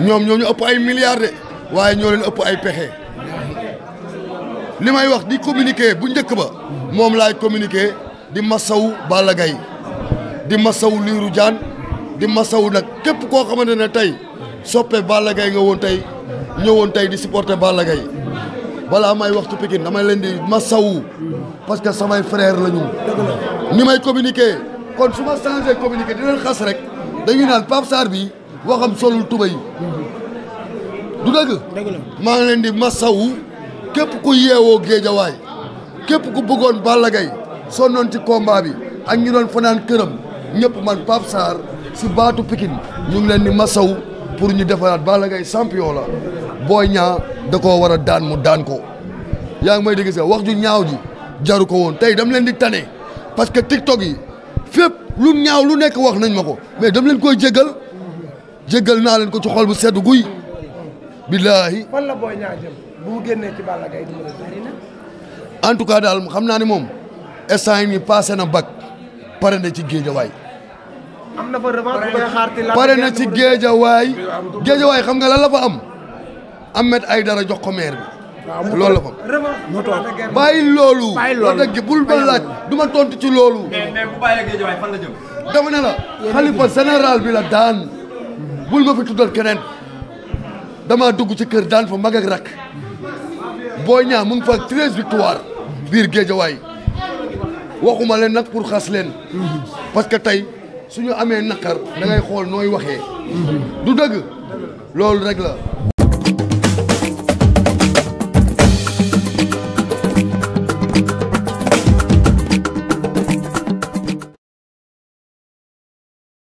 ñoom ñoo ëpp ay milliards de waaye ñoo leen ëpp ay pexe li may wax di communiquer bu njëkk ba moom laay communiquer di masawu Balla Gaye di masawu liiru Diane di masawu nag képp koo xamante ne tey soppe Balla Gaye nga woon tey ñëwoon tey di supporter Balla Gaye balaa may waxtu Pikine damay leen di masawu parce que samay frère la ñu ni may communiquer kon su ma changé communiquer di leen xas rek dañuy naan Pape Sarr bi waxam solul tuba yi du dëgg maa ngi leen di masawu képp ku yeewoo géejawaay képp ku bëggoon Balla Gaye sonnoon ci kombaa bi ak ñi doon fanaan këram ñëpp man Pape Sarr si baatu Pikine ñu ngi leen di masawu pour ñu defaraat Balla Gaye champion la Boy ñaa da ko war a daan mu daan ko yaa ngi may dégg sax wax ju ñaaw ji jaru ko woon tey dam leen di tane parce que TikTok yi fépp lu ñaaw lu nekk wax nañ ma ko mais dam leen koy jégal jéggal naa leen ko ci xol bu sedd guy. billaahi. fan la Boy Niang jëm bu mu génnee ci Balla tout cas daal xam naa ne moom instant yii passé na bac pare na ci géejawaay. na fa revanche bu ci la pare na géejawaay xam nga lan la fa am Ahmed Aïdara jox ko maire bi. waaw loolu la ko. bàyyi loolu. bàyyi loolu du ma tontu ci loolu. mais mais xalifa général bi daan. bul ma fi tuddal keneen dama dugg ci kër daan fa mag ak rakk Boy Niang mu ngi fa treize victoire biir géejawaay waxuma leen nag pour xas leen parce que tey ñu amee naqar da ngay xool nooy waxee du dëgg loolu rek la